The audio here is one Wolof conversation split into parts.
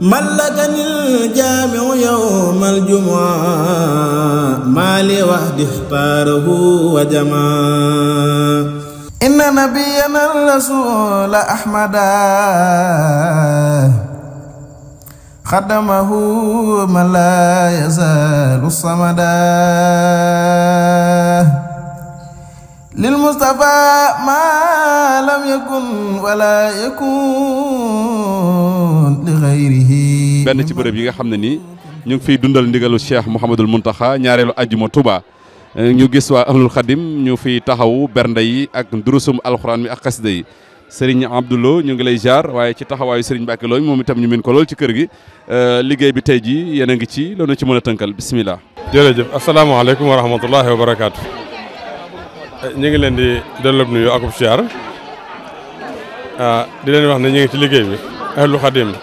ملكني الجامع يوم الجمعة ما لي وحدي اختاره وجمع إن نبينا الرسول أحمد خدمه من لا يزال الصمد للمصطفى ما لم يكن ولا يكون benn ci bërëb yi nga xam ne nii ñu ngi fiy dundal ndigalu Cheikh Mouhamadul Mountakha ñaareelu ajjuma tubaa eh, ñu gis waa ahlul xadim ñu fiy taxawu bernde yi ak durusum alxuraan bi ak xasida yi sëriñ Abdoulo ñu ngi lay jaar waaye ci taxawaayu sëriñ Mbacke looñ moom itam ñu min ko lool ci kër gi eh, liggéey bi tey jii yéen a ngi ci loolu ci mën a tënkal bisimilah. jërëjëf asalaamaaleykum wa rahmatulahi wa barakaatu. Eh, ñu ngi leen di delloo nuyu akub siyaar ah, di leen wax ne ngi ci liggéey bi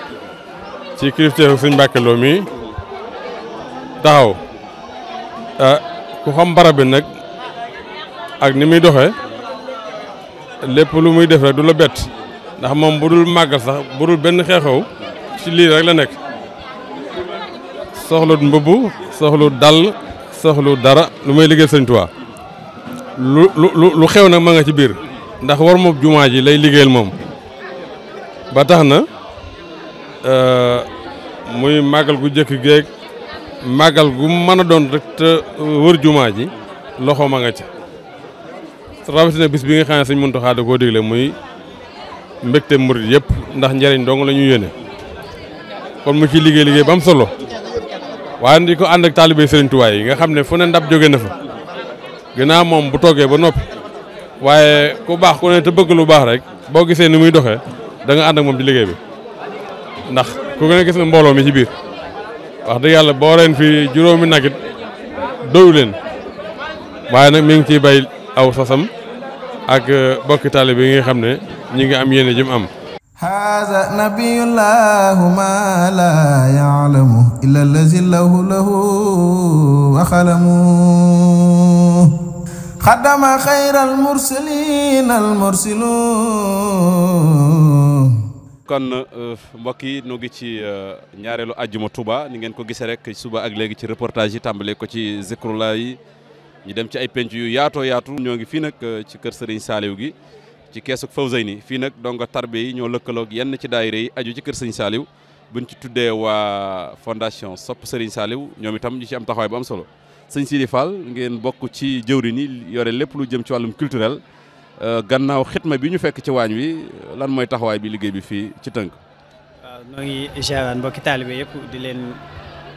ci kilifteefu sëñ Mbàkke Lo mii taxaw eh, ku xam barab bi nag ak ni muy doxe lépp lu muy def rek du la bett ndax moom bu dul màggal sax bu dul benn xew ci lii rek la nekk soxlut mbubb soxlu dal soxlu dara lu may liggéey sëñ Tuubaa lu lu xew nag ma nga ci biir ndax war moom jumaa ji lay liggéeyal moom ba tax na eh, muy màggal gu jëkk geeg màggal gu mën a doon rekk te wër jumaa ji loxo ma nga ca rawatina bis bi nga xam ne sëñ Muntaxa koo digle muy mbégte murit yëpp ndax njariñ dong la ñu yéene kon mu ci liggéey liggéey ba mu solo waaye di ko ànd ak taalibe Sëriñ yi nga xam ne fu ne ndab jóge na fa ginnaaw moom bu toggee ba noppi waaye ku baax ku ne te bëgg lu baax rek boo gisee ni muy doxee da nga ànd ak moom ci liggéey bi ndax ku gën a gis mbooloo mi ci biir wax dëgg yàlla boo reen fii juróomi nag it leen waaye nag mi ngi ci bay aw sasam ak euh, bokki taalibe yi nga xam ne ñi ngi am yéene jëm am haza nabiyullahu ma la ya'lamu illa allazi lahu lahu wa xalamu xadama xayra almursalin kon euh, mbokk yi ñu ngi ci euh, ñaareelu ma Touba ni ngeen ko gisee rek suba ak léegi ci reportage yi tàmbale ko ci Zikrullah yi ñu dem ci ay penc yu yaatoo yaatu. ñoo ngi fii nag euh, ci kër Serigne Saliou gi ci keesug Fawzayni fii nag donga tarbe yi ñoo lëkkaloog yenn ci daayira yi aju ci kër Serigne Saliou buñ ci tuddee waa fondation Sopp Serigne Saliou ñoom itam ñu ci am taxawaay bu am solo sëñ Sidi Fall ngeen bokk ci jëwriñ yi yore lépp lu jëm ci wàllum culturel. Euh, gannaaw xit ma bi ñu fekk ci waañ wi lan mooy taxawaay bi liggéey bi fii ci tënk. waaw ñoo ngi ziaraan mbokki taalibe yëpp di leen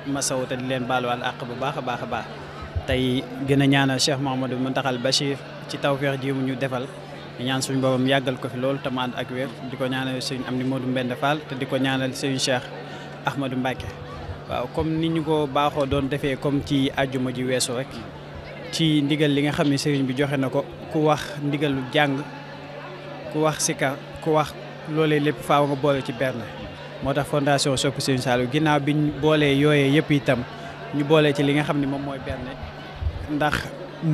masawu te di leen baal baaluwaal àq bu baax a baax a baax tey gën a ñaanal Cheikh Mouhamadou Mountakhal Bachir ci tawfeex ji mu ñu defal ñaan suñu boobam yàggal ko fi lool te mu ak wér di ko ñaanal sëñ Amdi Modou Mbende Fall te di ko ñaanal sëñ Cheikh Ahmadou Mbacke. waaw comme ni ñu ko baaxoo doon defee comme ci àjjuma ji weesu rek ci ndigal li nga xam ne sëriñ bi joxe na ko. ku wax ndigalu jàng ku wax sikar ku wax loole lépp faaw nga boole ci berne moo tax fondation Sope Serigne Saliou ginnaaw ñu boolee yooyee yëpp itam ñu boolee ci li nga xam ne moom mooy berne ndax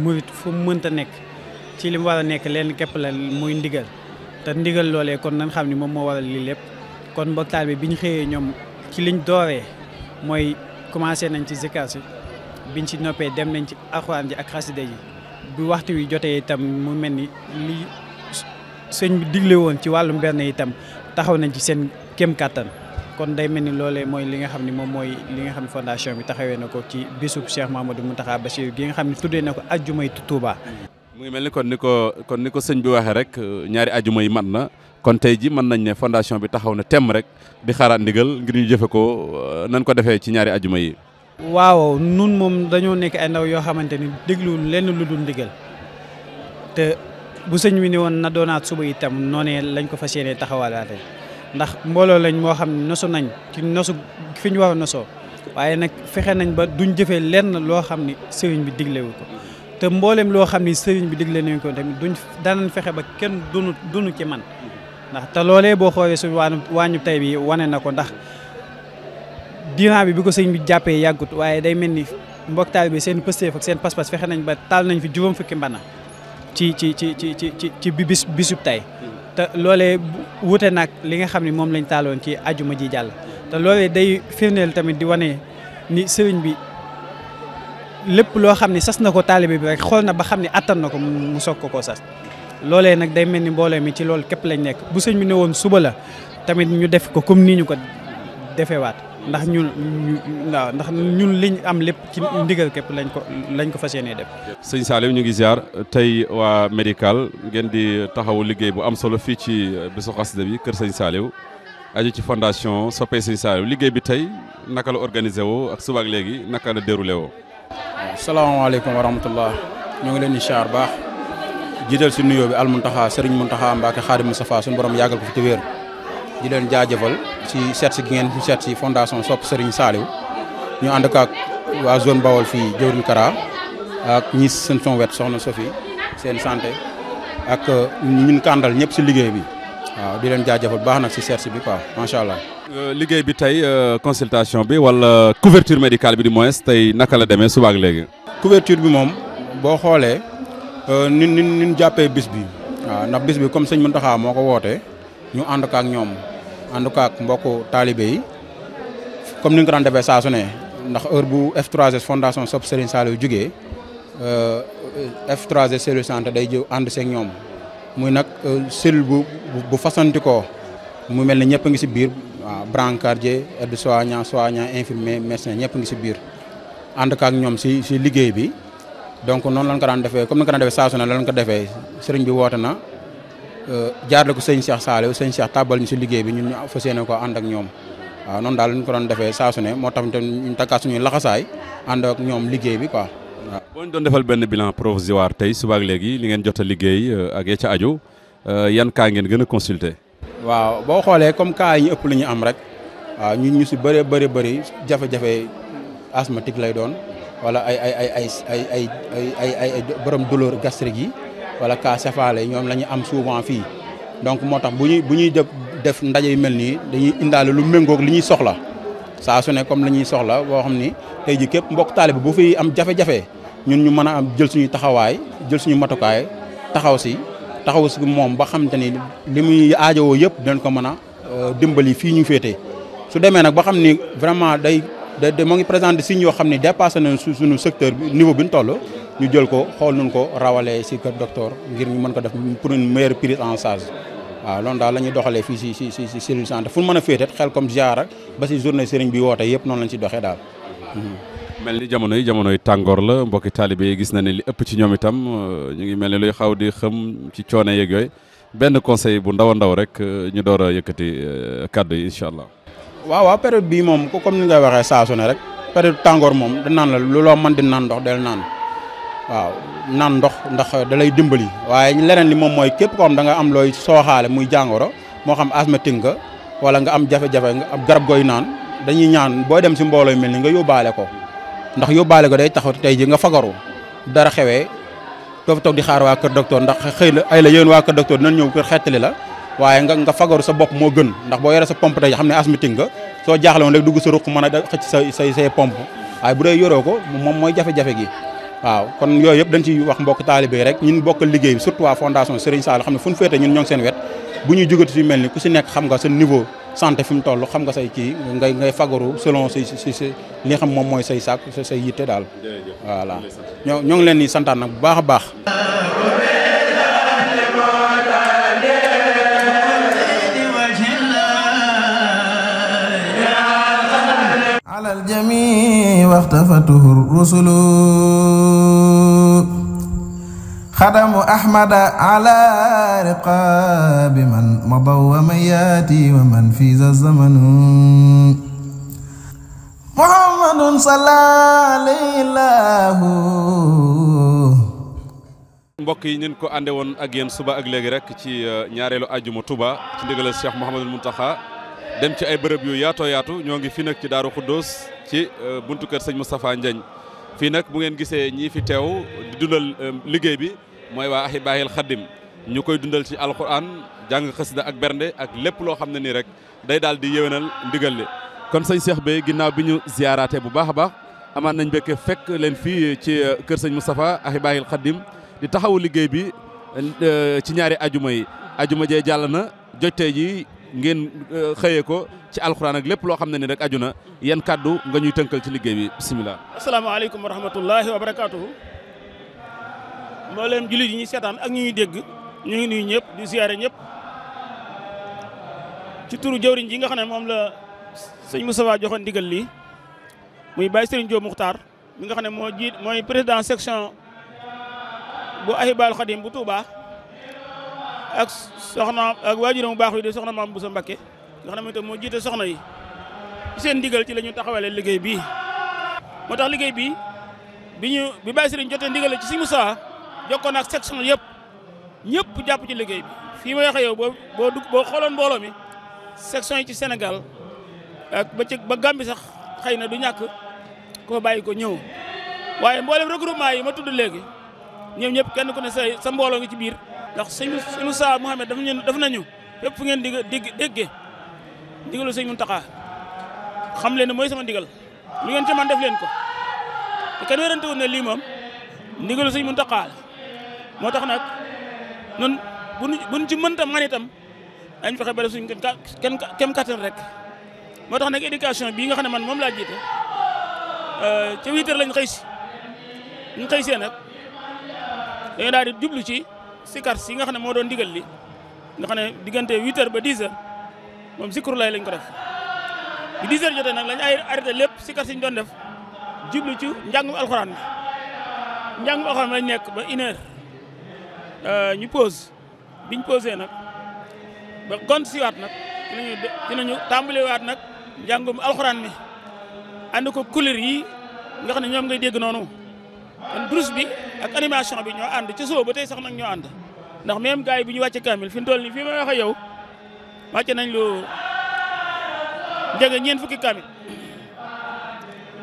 murit fu mu mënta nekk ci li mu war a nekk leen képp la muy ndigal te ndigal loole kon nan xam ni moom moo waral lii lépp kon mbokk bi bi ñu xëyee ñoom ci liñ dooree mooy commencé nañ ci zikar si biñ ci noppee dem nañ ci alxuraan ji ak xasida yi bu waxtu wi jotee itam mu mel ni li sëñ bi digle woon ci wàllum benn itam taxaw nañ ci seen kéem kàttan kon day mel ni loolee mooy li nga xam ne moom mooy li nga xam ne fondation bi taxawee na ko ci bisub Cheikh Mamadou Mountakha Bassirou gi nga xam ni tuddee na ko ajjumay Touba. mu ngi mel ni kon ni ko kon ni ko sëñ bi waxee rek ñaari ajjuma yi mat na kon tey ji mën nañ ne fondation bi taxaw na temm rek di xaaraat ndigal ngir ñu jëfe ko nan ko defee ci ñaari ajjuma yi. waaw nun moom dañoo nekk ay ndaw yoo xamante ni dégluwul lenn lu dul ndigal te bu sëñ wi ne woon na doonaat suba itam noonee lañ ko fa yéenee taxawalaate ndax mbooloo lañ moo xam ne nosu nañ ci nosu fi ñu war a nosoo waaye nag fexe nañ ba duñ jëfee lenn loo xam ni sëriñ bi diglewu ko te mboolem loo xam ni sëriñ bi digle nañ ko tamit duñ danañ fexe ba kenn dunu dunu ci man ndax te loolee boo xoolee suñu waanu waañu tey bii wane na ko ndax diiran bi bi ko sëñ bi jàppee yàggut waaye day mel ni mbokk taalibe seen pësteef ak seen pas-pas fexe nañ ba taal nañ fi juróom fukki mbana ci ci ci ci ci ci bi bis tey te loolee wute nag li nga xam ni moom lañ taaloon ci ajuma ji jàll te loolee day firndeel tamit di wane ni sëriñ bi lépp loo xam ne sas na ko taalibe bi rek xool na ba xam ne attan na ko mu soog ko koo sas loolee nag day mel ni mbooloo mi ci loolu képp lañ nekk bu sëñ bi ne woon suba la tamit ñu def ko comme nii ñu ko defewaat ndax ñun ndax ñun liñ am lépp ci ndigal képp lañ ko lañ ko fas yéenee def. sëñ Salim ñu ngi jaar tey waa médical ngeen di taxawu liggéey bu am solo fii ci bésu xasida bi kër sëñ Salim aju ci fondation soppee sëñ Salim liggéey bi tey naka la organisé woo ak suba léegi naka la déroulé woo. salaamaaleykum wa rahmatullah ñu ngi leen di ziar baax jiital si nuyoo bi al Muntaxa Serigne Muntaxa Mbacke Xaadim Moustapha suñu borom yàggal ko fi ci wér. di leen jaajëfal si seet si gi ngeen seet si fondation Sopp Serigne Saliou ñu ànd ak waa zone Bawol fii Diourou Kara ak ñi seen son wet soxna Sophie seen sante ak euh, ñun kàndal ñëpp si liggéey bi waaw di leen jaajëfal baax nag si seet si bi quoi macha allah. Euh, liggéey bi tey euh, consultation bi wala couverture médical bi di moins tey naka la demee suba ak léegi. couverture bi moom boo xoolee nu nu ni jàppee bis bi waaw ndax bis bi comme sëñ Mountakha moo ko wootee. ñu ànd ko ak ñoom ànd ko ak mbokku taalibe yi comme ni nga ko defee saa ndax heure bu F3S fondation Sopp Serigne Saliou jugee euh, F3S cellule day jëw ànd seeg ñoom muy nag euh, cellule bu bu fasanti ko mu mel ni ñëpp a ngi si biir waaw brancardier aide soignant soignant infirmier médecin ñëpp a ngi si biir ànd ko ak ñoom si si liggéey bi donc noonu lañ ko defee comme ni nga ko daan defee saa su ne ko defee sëriñ bi woote na. jaarle ko sëñ Cheikh saalo sëñ Cheikh tàbbal ñu si liggéey bi ñun ñu fo yéene ko ànd ak ñoom waaw noonu daal ñu ko doon defee saa su ne moo tax ñu takkaat suñuy laxasaay ànd ak ñoom liggéey bi quoi waaw. boo ñu doon defal benn bilan provisoire tey subaak léegi li ngeen jot a liggéey ak ya ca aju yan cas ngeen gën a consulter. waaw boo xoolee comme cas yi ñu ëpp lu ñu am rek waaw ñun ñu si bëree bëri bëri jafe-jafe asthmatique lay doon wala ay ay ay ay ay ay ay ay borom douleur gastrique yi. wala cas Cefalé ñoom lañuy am souvent fii donc moo tax bu ñuy bu ñuy def ndaje yi mel nii dañuy indaale lu méngook li ñuy soxla saa su ne comme la ñuy soxla boo xam ni ay ji képp mbokk taalibe bu fi am jafe-jafe ñun ñu mën a am jël suñu taxawaay jël suñu matukaay taxaw si taxaw si moom ba xam ni li muy aajowoo yëpp dinañ ko mën a euh, dimbali fii ñu féete su demee nag ba xam ni vraiment day da moo ngi présenté signes yoo xam ne dépassé nañ sunu secteur bi niveau bi ñu ñu jël ko xool nun ko rawalee si kër docteur ngir ñu mën ko def pour une meilleure prise en charge waaw loolu daal la ñuy doxalee fi si si si si cellule santé fu mu mën a féetet xel comme ziara ba si journée sëriñ bi hmm. mel ni jamono yi jamono yi tàngoor la mbokki taalibe yi gis na ne li ëpp ci ñoom itam euh, ñu ngi mel ni luy xaw di xëm ci coono yeeg yooyu benn conseil bu ndaw ndaw rek euh, ñu door a yëkkati euh, kàddu yi incha allah. waaw waaw période bii moom comme ni nga waxee saa su ne rek période tàngoor moom da naan la mën di naan ndox del naan. waaw naan ndox ndax da lay dimbali waaye leneen li moom mooy képp koo xam da nga am looy sooxaale muy jàngoro moo xam asthmatique nga wala nga am jafe-jafe nga am garab gooy naan dañuy ñaan boo dem si mbooloo mel ni nga yóbbaale ko ndax yóbbaale ko day taxaw tey ji nga fagaru dara xewee doo fa toog di xaar waa kër docteur ndax xëy na ay la yéen waa kër docteur dinañ ñëw kër xettali la waaye nga nga fagaru sa bopp moo gën ndax boo yore sa pompe tey xam ne asthmatique nga soo jaaxle woon rek dugg sa mën a xëcc say say say pompe waaye bu dee yoroo ko moom mooy jafe gi waaw kon yooyu yëpp dañ ci wax mbokk taalibe yi rek ñun bokk liggéey bi surtout waa fondation Serigne Sall xam ne fu ñu féete ñun seen wet bu ñuy jógati si mel ni ku si nekk xam nga sa niveau santé fi mu toll xam nga say kii ngay ngay fagaru selon say say say li nga xam moom mooy say sàkk say yitte daal voilà ñoo ñoo ngi leen di santaan nag bu baax a baax على الجميع واختفته الرسل xadamu ahmada ala riqaabi man madaw wa man mbokk yi ñun ko ànde woon ak yéen suba ak léegi rek ci euh, ñaareelu ajjuma Touba ci ndigalal Cheikh Mouhamadul Mountakha dem ci ay bërëb yu yaatoo yaatu ñoo ngi fi nag ci Daaru Xuddoos ci euh, buntu kër sëñ Moustapha Ndiagne fii nag bu ngeen gisee ñii fi teew di dundal euh, liggéey bi mooy waa Ahibaahil Xadim ñu koy dundal ci alquran jàng xasida ak bernde ak lépp loo xam ne nii rek day daal di yéwénal ndigal kon sëñ Cheikh Beye ginnaaw bi ñu ziyaaraate bu baax a baax amaat nañ mbégte fekk leen fii ci euh, kër sëñ Moustapha Ahibaahil Xadim di taxawu liggéey bi euh, ci ñaari ajuma yi ajuma jee jàll na jojtee ji ngeen euh, xëyee ko ci alxuraan ak lépp loo xam ne ni rek aju na yan kàddu nga ñuy tënkal ci liggéey bi bisimilah. asalaamaaleykum wa rahmatullahi mbooleem jullit yi ñuy seetaan ak ñu ñuy dégg ñu ngi nuyu ñëpp di siyaare ñëpp ci turu jëwriñ ji nga xam ne moom la sëñ Moustapha joxoon ndigal lii muy Baye Serigne Diop Muxtaar mi nga xam ne moo jiit mooy président section bu Ahibahil Khadim bu Touba ak soxna ak waajuram bu baax wi di soxna maam Bousso Mbacké nga xam ne mooy itam moo jiite soxna yi ci seen ndigal ci la ñu taxawalee liggéey bii moo tax liggéey bii bi ñu bi Baye Serigne jotee ndigal ci sëñ Moustapha jokkoon ak section yëpp ñëpp jàpp ci liggéey bi fii ma waxee yow boo boo dugg boo xooloon mbooloo mi section yi ci senegal ak ba ci ba Gambie sax xëy na du ñàkk ko fa ko ñëw waaye mboolem regroupement yi ma tudd léegi ñoom ñëpp kenn ku ne sa sa mbooloo ngi ci biir ndax sëñ sëñ Moussa Mouhamed daf ñu daf nañu fépp fu ngeen dig dig déggee ndigalu sëñ Mountakha xam leen ne mooy sama ndigal lu ngeen ci man def leen ko te kenn wérante wu ne lii moom ndigalu sëñ Mountakha moo tax nag nun bu ñu ci mënta man itam dañ fexe ba suñ kenn kem kattan rek moo tax nag éducation bii nga xam ne man moom laa jiite euh, ca huit heures lañ xëy si ñu xëy see nag dañu daal di jublu ci sikar si nga xam ne moo doon digal li nga xam ne diggante huit ba dix heures moom sikru lay lañ ko def bi dix jotee nag lañ ay arrêté lépp sikar si ñu doon def jublu ci njàngum alxuraan bi njàngum alxuraan lañ nekk ba une Euh, ñi pause biñ posé nag ba gont siwaat nag dinañu dinañu waat nag njàngum alxuraan mi ànd ko couleur yi nga ne ñoom ngay dégg noonu kon brousse bi ak animation bi ñoo ànd ci soo ba tey sax nag ñoo ànd ndax même gars yi bu ñu wàcce kaamil fi mu toll nii fii may wax ak yow nañ loo jege ñeent fukki kaamil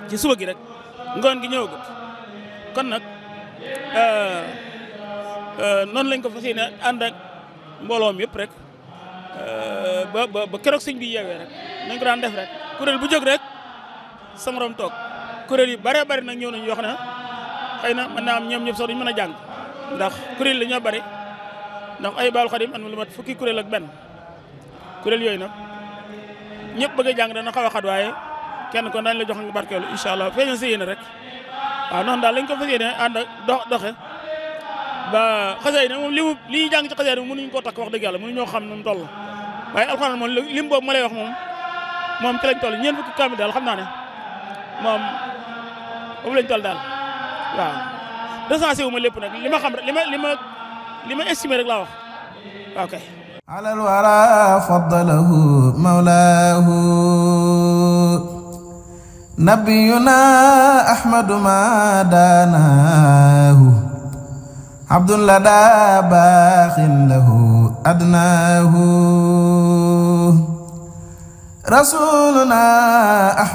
ci suba gi rek ngoon gi ñëw ñëwagut kon nag euh, Euh, noonu lañ ko fas yéene ànd ak mbooloom yëpp rek euh, ba ba ba keroog sëñ bi yeewee rek ko daan def rek kuréel bu jóg rek sa morom toog kuréel yi bare bari nag ñëw nañ yoo xam xëy na mën ñoom ñëpp sax duñ mën a jàng ndax kuréel la bari ndax ay baalu kuréel ak benn yooyu nag ñëpp bëgg a jàng dana xaw a kenn kon dañ la jox nga rek waaw noonu daal lañ ko fas yéene ànd doxe ba xasee nag moom li mu li ñuy jàng ci takk wax dëgg yàlla mënuñoo xam nu mu toll waaye alxuraan moom lim boobu ma lay wax moom moom ci lañ toll ñeent fukki kaamil daal xam moom boobu lañ toll daal waaw recensé wu ma lépp nag li li ma li ma li ma estimé alal wara faddalahu mawlaahu nabiyuna ahmadu ma daanaahu abdullah daa baaxin lahu adnaahu rasuluna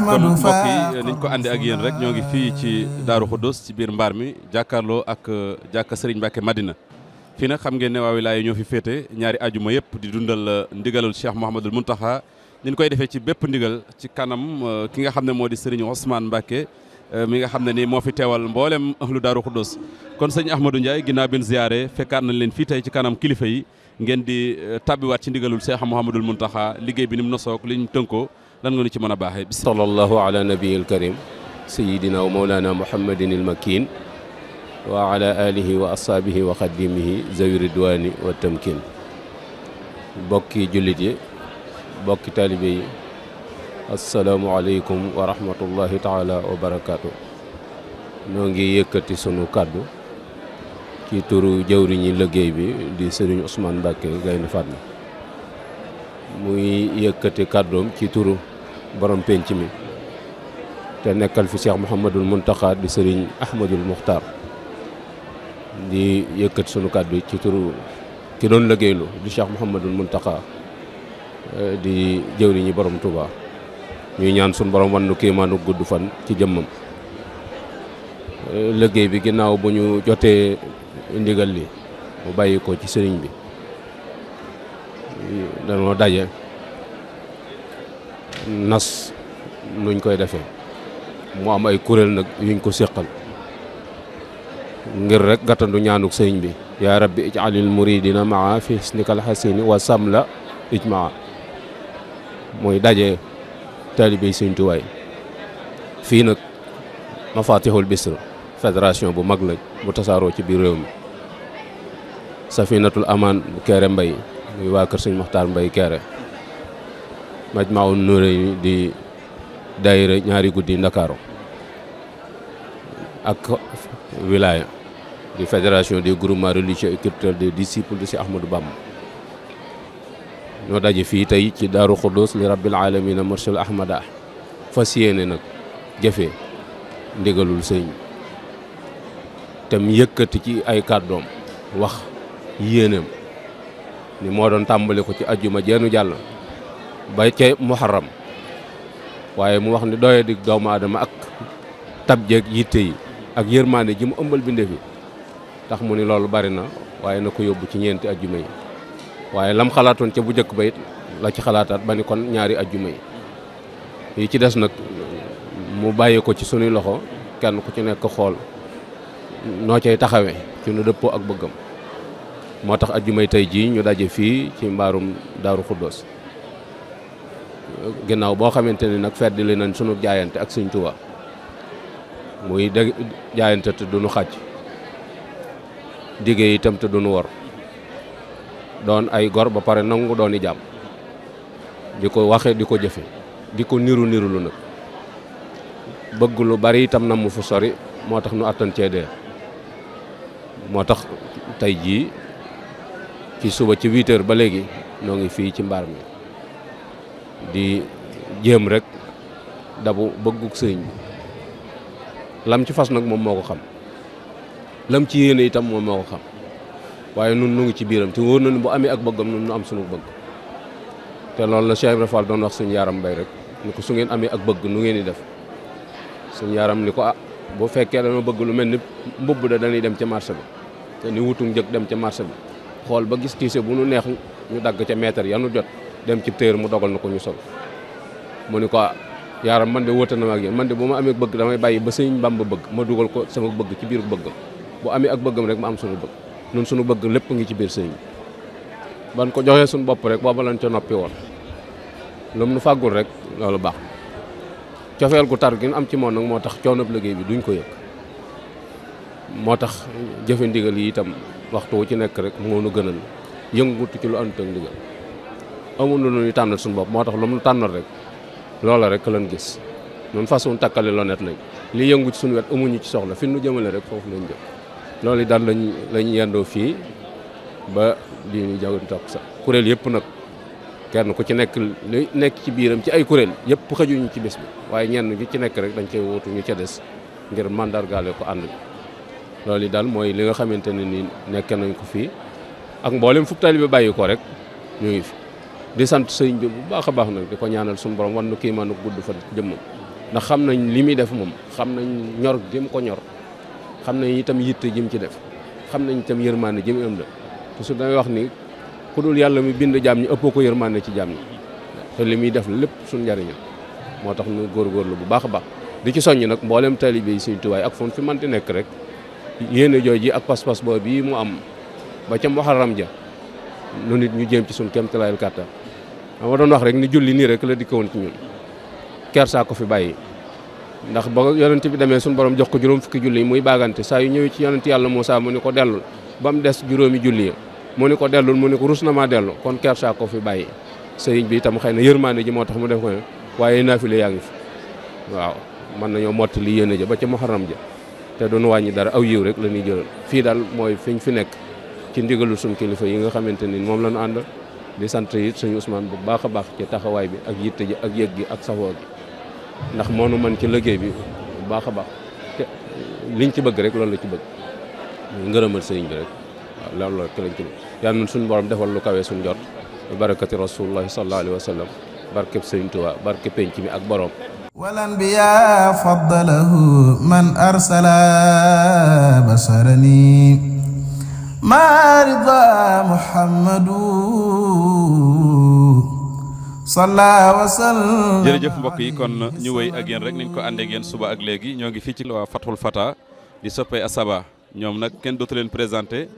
kon mbokk yi niñ ko àndee ak yéen rek ñoo ngi fii ci daaru xuddos ci biir mbaar mi jàkkaarloo ak euh, jàkka sëriñ Mbàkke Madina fii nag xam ngeen ne waa wilaaya ñoo fi féete ñaari ajuma yëpp di dundal euh, ndigalul Cheikh Mouhamadul Mountakha niñ koy defee ci bépp ndigal ci kanam euh, ki nga xam ne moo di sëriñ Ousmane Mbàkke Euh, mi nga xam ne nii moo fi teewal mboolem ahlu Daaru Xuddus kon sëñ Ahmadou Ndiaye ginnaaw bi ñu ziyaare fekkaat nañ leen fii tey ci kanam kilifa yi ngeen di euh, tàbbiwaat ci ndigalul Cheikh Mouhamadul Mountakha liggéey bi ni mu nosoog li ñu tënkoo lan nga ñu ci mën a baaxee. sallallahu ala nabiyil karim sayyidina wa mawlana muhammadin il makin wa ala alihi wa ashabihi wa xadimihi zawi ridwani wa tamkin bokki jullit yi bokki taalibe yi asalaamualeykum wa rahmatullahi taala wa barakaatu ñoo ngi yëkkati sunu kàddu ci turu jëwriñi liggéey bi di sëriñ Ousmane Mbacke Gaynde Fatma muy yëkkati kàddoom ci turu borom penc mi te nekkal fi Cheikh Mouhamadul Mountakha di sëriñ Ahmadul Muxtaar di yëkkati sunu kàddu ci turu ki doon liggéeylu di Cheikh Mouhamadul Mountakha eh, di jëwriñi borom Touba. ñuy ñaan suñu borom wan nu kéemaanu gudd fan ci jëmmam euh, liggéey bi ginnaaw bu ñu jotee ndigal li mu bàyyi ko ci sëriñ bi danoo daje nas nuñ koy defee mu am ay kuréel nag yuñ ko séqal ngir rek gàttandu ñaanuk sëriñ bi yaa rabbi ij'alil muridina maa fi husnikal hasini wa samla ijmaa mooy daje taalibey Sëñ fii nag Mafatihul Bichri fédération bu mag la bu tasaaroo ci biir réew mi Safinatul Amaan bu Kéré Mbay muy waa kër Sëñ Maxtaar Mbay Kéré Majmaun Nurayni di daayira ñaari guddi Ndakaaru ak wilaya di fédération des groupements religieux et culturels des disciples de Cheikh Ahmadou Bamba ñoo daje fii tey ci daaru xudus li rabbil alamina marshal ahmada fas yéene nag jëfee ndigalul sëñ tam yëkkati ci ay kàddoom wax yéeneem ni moo doon tàmbali ko ci ajjuma jeenu jàll ba ca muharram waaye mu wax ni doye dig doomu aadama ak tab jeeg yitte yi ak yërmaande ji mu ëmbal bindee fi tax mu ni loolu bari na waaye na ko yóbbu ci ñeenti ajjuma yi waaye lam xalaatoon ca bu njëkk bayit it la ci xalaataat ba ni kon ñaari ajjuma yi yi ci des nag mu bàyyi ko ci sunuy loxo kenn ku ci nekk xool noo cay taxawee ci nu dëppoo ak bëggam moo tax yi tey jii ñu daje fii ci mbaarum daaru xuddoos ginnaaw boo xamante ni nag fedd li nañ sunu jaayante ak Sëñ Tuubaa muy dégg jaayante te duñu xàcc diggee itam te duñu wor doon ay gor ba pare nangu doon i jaam di ko waxe di ko jëfe di ko niru nirulu nag bëggulu lu bari itam na mu fu sori moo tax nu attan cee dee moo tax tey jii ci suba ci 8 ba léegi noo ngi fii ci mbaar mi di jéem rek dabu bëggug sëñ bi lam ci fas nag moom moo ko xam lam ci yéene itam moom moo ko xam waaye nun nu ngi ci biiram te wóor na ni bu amee ak bëggam nun nu am sunu bëgg te loolu la Cheikh Ibrahima Fall doon wax suñ yaaram bay rek ni ko su ngeen amee ak bëgg nu ngeen di def suñu yaaram ni ko ah bu fekkee dana bëgg lu mel ni mbubb da dañuy dem ca marché bi te ni wutum njëg dem ca marché bi xool ba gis tiise bu nu neex ñu dagg ca mètre ya nu jot dem ci téer mu dogal na ko ñu sol mu ni ko ah, yaaram man de wóote na ma ak man de boo ma amee bëgg damay bàyyi ba sëñ Bamba bëgg ma dugal ko sama bëgg ci biir bëggam bu amee ak bëggam rek ma am suñu bëgg ñun suñu bëgg lépp ngi ci biir sëñ ban ko joxee suñu bopp rek booba lañ ca noppi woon lu nu fàggul rek loolu baax cofeel gu tar gin am ci moom nag moo tax coono coonab liggéey bi duñ ko yëg moo tax jëfe ndigal yi itam waxtu wu ci nekk rek moo nu gënal yëngutu ci lu ànd ak ndigal amul lu ñuy tànnal suñu bopp moo tax lu mu tànnal rek loola rek lan gis ñun façon takkale lonet lañ li yëngu ci suñu wet amuñu ci soxla fi nu jëmale rek foofu lañ jëm loolu daal lañ lañ yendoo fii ba di ñu jaww toog sax kuréel yëpp nag kenn ku ci nekk li nekk ci biiram ci ay kuréel yëpp xajuñu ci bés bi waaye ñenn ñu ci nekk rek dañ cay wootu ñu ca des ngir mandargaale ko ànd bi loolu daal mooy li nga xamante ne nii nekk nañ ko fii ak mboolem fu taalibe bi bàyyi ko rek ñu ngi fi di sant sëriñ bi bu baax a baax nag di ko ñaanal suñu borom wan nu kii ma nu gudd fa jëmmam ndax xam nañ li muy def moom xam nañ ñor gi mu ñor xam nañ itam yitte jëm ci def xam nañ itam yërmaande jëm am la parce que dangay wax ni ku dul yàlla mi bind jaam ñi ëppoo ko yërmaande ci jaam ñi te li muy def lépp suñu njariñ moo tax góor góor góorgóorlu bu baax a baax di ci soññ nag mboolem taalibe yi Sëñ ak fon fi manti nekk rek yéene jooju ak pas-pas boobu bii mu am ba ca Muharram ja nu nit ñu jéem ci suñ kéemtalaayal kàttan ma doon wax rek ni julli nii rek la di dikkoon ci ñun kersaa ko fi bàyyi ndax ba yonent bi demee suñu borom jox ko juróom fukki julli muy baagante saa yu ñëwee ci yonent yàlla Moussa mu ni ko dellul ba mu des juróomi julli ya mu ni ko dellul mu ni ko rus na maa dellu kon kersa ko fi bàyyi sëriñ bi tam xëy na yërmaande ji moo tax mu def ko waaye naafile yaa ngi fi waaw mën nañoo mottali yéene ji ba ca muharram ja te doon wàññi dara aw yiw rek la ñuy jëlal fii daal mooy fiñ fi nekk ci ndigalu suñ kilifa yi nga xamante ni moom la ñu àndal di sant it suñu Ousmane bu baax a baax ci taxawaay bi ak yitte ji ak yëg gi ak safoo gi ndax moo nu man ci liggéey bi bu baax a baax liñ ci bëgg rek loolu la ci bëgg ngërëmal sëriñ bi rek waaw loolu rek lañ ci bëgg yàlla nun suñu borom defal lu kawee suñu jot barakati rasulullahi sallallahu alayhi wa sallam barkeb sëriñ Tuubaa barke penc mi ak borom walanbiya faddalahu man arsala basarani ma rida muhammadu sallaa wa sallam jërëjëf mbokk yi kon ñu woy ak yéen rek niñ ko àndee ak suba ak léegi ñoo ngi fii ci waa Fathul Fata di soppee Asaba ñoom nag kenn dootu leen présenté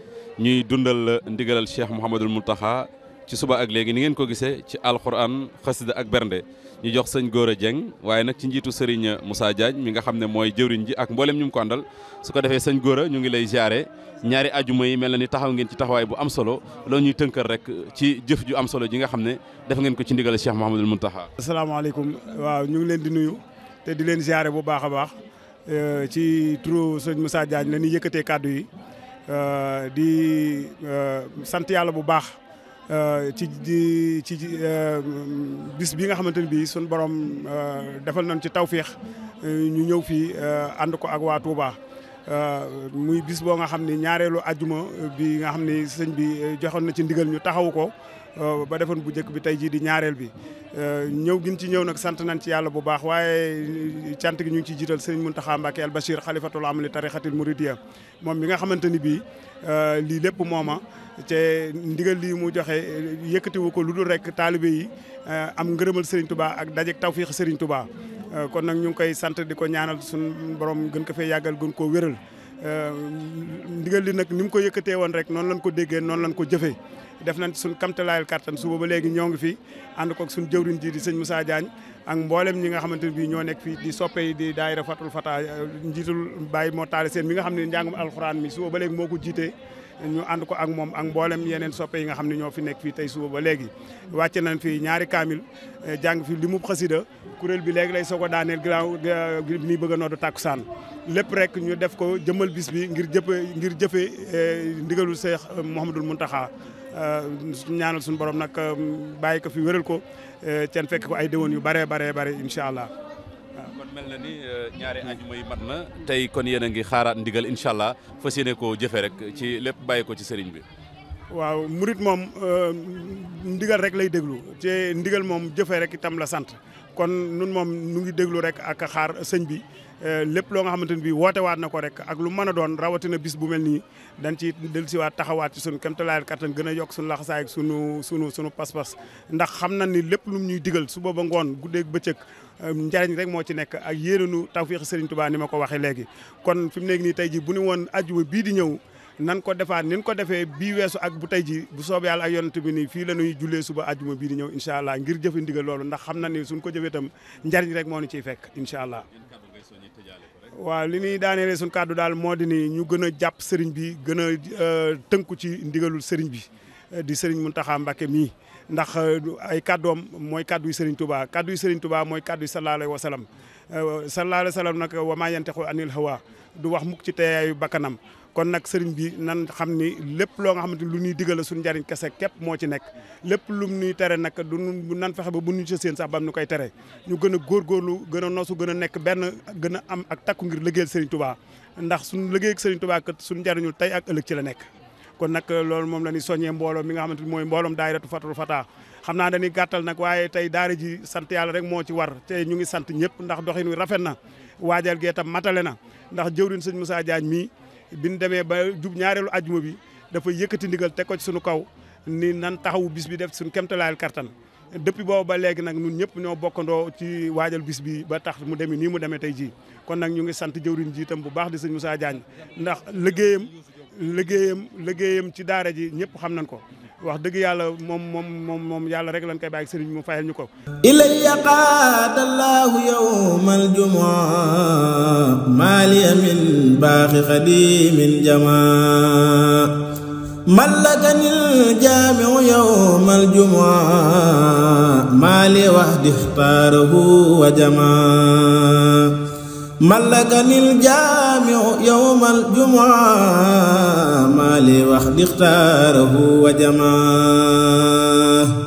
ñuy dundal ndigalal Cheikh Mouhamadul Mountakha ci suba ak léegi ni ngeen ko gisee ci alquran xasida ak bernde ñu jox sëñ Gora Dieng waaye nag ci njiitu Serigne Moussa Diagne mi nga xam ne mooy jëwriñ ji ak mboolem ñu mu ko àndal su ko defee sëñ Gora ñu ngi lay ziare ñaari ajuma yi mel na ni taxaw ngeen ci taxawaay bu am solo loolu ñuy tënkal rek ci jëf ju am solo ji nga xam ne def ngeen ko ci ndigal Cheikh Mouhamadul Mountakha. asalaamaaleykum waaw ñu ngi leen di nuyu te di leen ziare bu baax a baax euh, ci turu sëñ Moussa Diagne la ni yëkkatee kàddu yi euh, di euh, sant yàlla bu baax. Euh, ci di ci euh, bis bi nga xamante ne bii suñu borom euh, defal nañ ci tawféex ñu ñëw fii ànd ko ak waa Touba. muy bis boo nga xam ne ñaareelu ajjuma bi nga xam ni sëñ bi joxoon na ci ndigal ñu taxaw ko Euh, ba defoon bu njëkk bi tey jii di ñaareel bi euh, ñëw gin ci ñëw nag sant nañ ci yàlla bu baax waaye euh, cant gi ñu ciy jiital Serigne Mountakha Mbacké Al Bachir xalifatul am li tarixatil muridiya moom bi nga xamante ni bii lii lépp mooma te ndigal lii mu joxe yëkkatiwu ko lu dul rek taalibe yi am ngërëmal Serigne tubaa ak daje dajeeg tawfiix Serigne Touba kon nag ñu ngi koy sant di ko ñaanal suñu borom gën ko fee yàggal gën koo wéral ndigal li nag ni mu ko yëkkatee woon rek noonu lañ ko déggee noonu lañ ko jëfee def nañ suñ kamtalaayal kattan suba ba léegi ñoo ngi fi ànd koog suñ jëwriñ ji di sëñ Moussa Diagne ak mboolem ñi nga xamante ne bii ñoo nekk fii di soppe yi di daayira fatul fata njiitul Baye moo taale seen mi nga xam ne njàngum alxuraan mi suba ba léegi moo ko jiitee ñu ànd ko ak moom ak mboolem yeneen soppe yi nga xam ne ñoo fi nekk fii tey suba ba léegi wàcce nañ fi ñaari kaamil eh, jàng fi li mu xasida kuréel bi léegi lay soog a daaneel ginnaaw eh, nii bëgg a noddu tàkkusaan lépp rek ñu def ko jëmal bi ngir jëfe ngir jëfe eh, ndigalul Seex Mouhamadoul Mountakha Euh, ñaanal suñu borom nag euh, bàyyi ko fi wéral ko euh, ceen fekk ko ay déwén yu bare bare bare incha allah kon mel na ni ñaari ajuma yi mat na tey kon yéen a ngi xaaraat ndigal incha allah fas yéene koo jëfe rek ci lépp bàyyi ko ci sëriñ bi waaw murit moom euh, ndigal rek lay déglu te ndigal moom jëfee rek itam la sant kon nun moom nu ngi déglu rek ak xaar sëñ bi euh, lépp loo nga xamante ni bii woote waat na ko rek ak lu mën a doon rawatina bis bu mel nii dañ ci dellusiwaat taxawaat ci sunu kéemtalaayal kattan gën a yokk sunu laxasaay ak sunu sunu sunu pas-pas ndax xam na ni lépp lum ñuy digal su ba ngoon guddeeg bëccëg euh, njariñ rek moo ci nekk ak taw yéeneenu tawféex tu Touba ni ma ko waxee léegi kon fi mu nekk nii tey jii bu ni woon ajjuma bii di ñëw nan ko defaat nin ko defee bii weesu ak bu tey ji bu soobee yàlla ak yonent bi nii fii la ñuy jullee suba àjjuma bii di ñëw incha allah ngir jëfe ndigal loolu ndax xam na ni suñ ko jëfee itam njariñ rek moo ñu ciy fekk incha allah waaw li ñuy daaneele suñ kàddu daal moo di ni ñu gën a jàpp sëriñ bi gën a euh, tënku ci ndigalul sëriñ bi euh, di sëriñ Muntaxa Mbàkke mii ndax euh, ay kàddoom mooy kàddu yu sëriñ Touba kàddu yu sëriñ Touba mooy kàddu yu sallallahu alayhi wa sallam sallallahu alayhi wa sallam nag wa maa yantiqu anil hawa wax mukk ci teeyaayu bakkanam kon nag sëriñ bi nan xam ni lépp loo nga xamante ni lu ñuy digale suñu njariñ kese képp moo ci nekk lépp lum ñuy tere nag du nan fexe ba bu ñu ci seen sax bam ñu koy tere ñu gën a góorgóorlu gën a nosu gën a nekk benn gën am ak takku ngir liggéeyal sëriñ Touba ndax suñu liggéey ak sëriñ Touba kat suñu njariñul tey ak ëllëg ci la nekk kon nag loolu moom la ñuy soññee mbooloo mi nga xamante ni mooy mbooloom daayiratu fatul fata xam naa dañuy gàttal nag waaye tey daara ji sant yàlla moo ci war te ñu ngi sant ñëpp ndax doxin wi rafet na waajal gee matale na ndax jëwriñ sëñ Moussa Diagne mii bi demee ba jub ñaareelu ajuma bi dafa yëkkati ndigal teg ko ci suñu kaw ni nan taxawu bis bi def suñu kemtalaayal kartan depuis boobu ba léegi nag ñun ñëpp ñoo bokkandoo ci waajal bis bi ba tax mu demee nii mu demee tey jii kon nag ñu ngi sant jëwriñ ji itam bu baax di sëñ Moussa Diagne ndax liggéeyam liggéeyam liggéeyam ci daara ji ñëpp xam nañ ko wax dëgg yàlla moom moom moom moom yàlla rek lañ koy bàyyi sëriñ mu fayal ñu ko ilay yaqaadallaahu yawmal jumaa maaliya min baaxi xadimin jamaa mallakanil jaamiu yawmal jumaa maaliya waxdi xtaarahu wa jamaa mallakanil jaamiu jaamiu yowmal jumaa maa li wax dixtaarahu wa jamaa